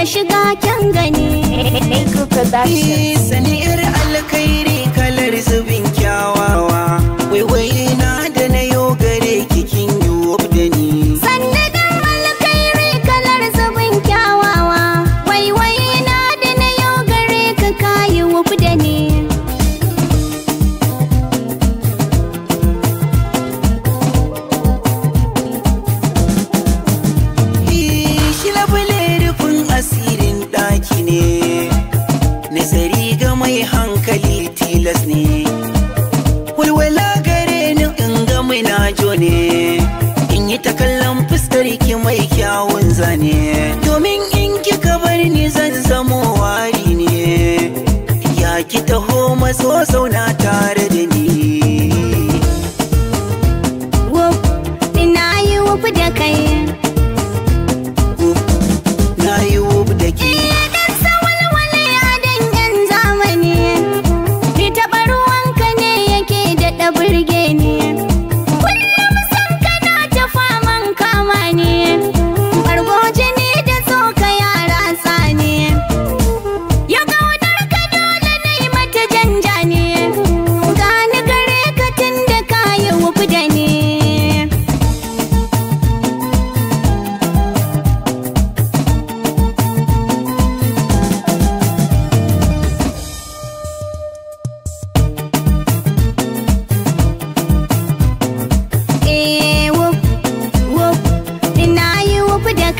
ya shiga kyan gani. Sani ir alkhairi. na jone ne in yi ta kallon fuskar ki mai kyawun zane domin in kika bar ni zan zamo wari ne ya ki taho maso zauna tare da ni Ina yi wufi da kai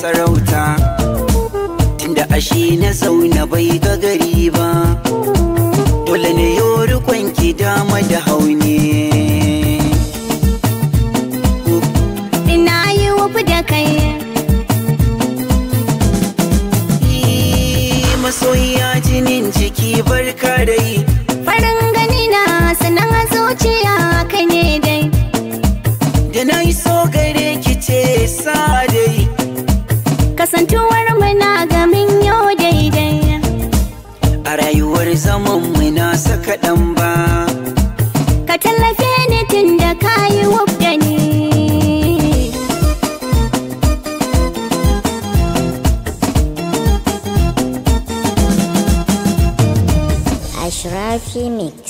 sarauta tunda ashe na zauna bai ga gari ba dole ne yori kwanki dama da haune ina yi da jinin jiki barka dai farin gani na sanan zuciya rayuwar zaman mu na saka ɗan ba ka tallafe ni tun da ka yi ni Ashrafi Mix